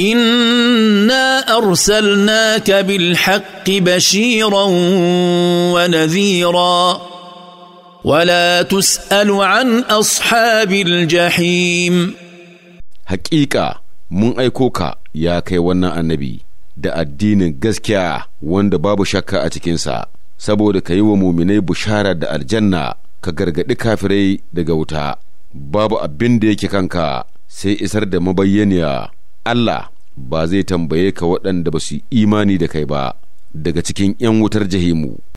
انا ارسلناك بالحق بشيرا ونذيرا ولا تسال عن اصحاب الجحيم حقيقه mun aiko ka ya kai wannan annabi da addinin gaskiya wanda babu shakka a cikinsa saboda ka yi wa muminai bushara da aljanna ka gargaɗi kafirai daga wuta babu abin da yake kanka sai isar da mabayyaniya Allah ba zai tambaye ka waɗanda ba su imani da kai ba daga cikin ‘yan wutar jahimu.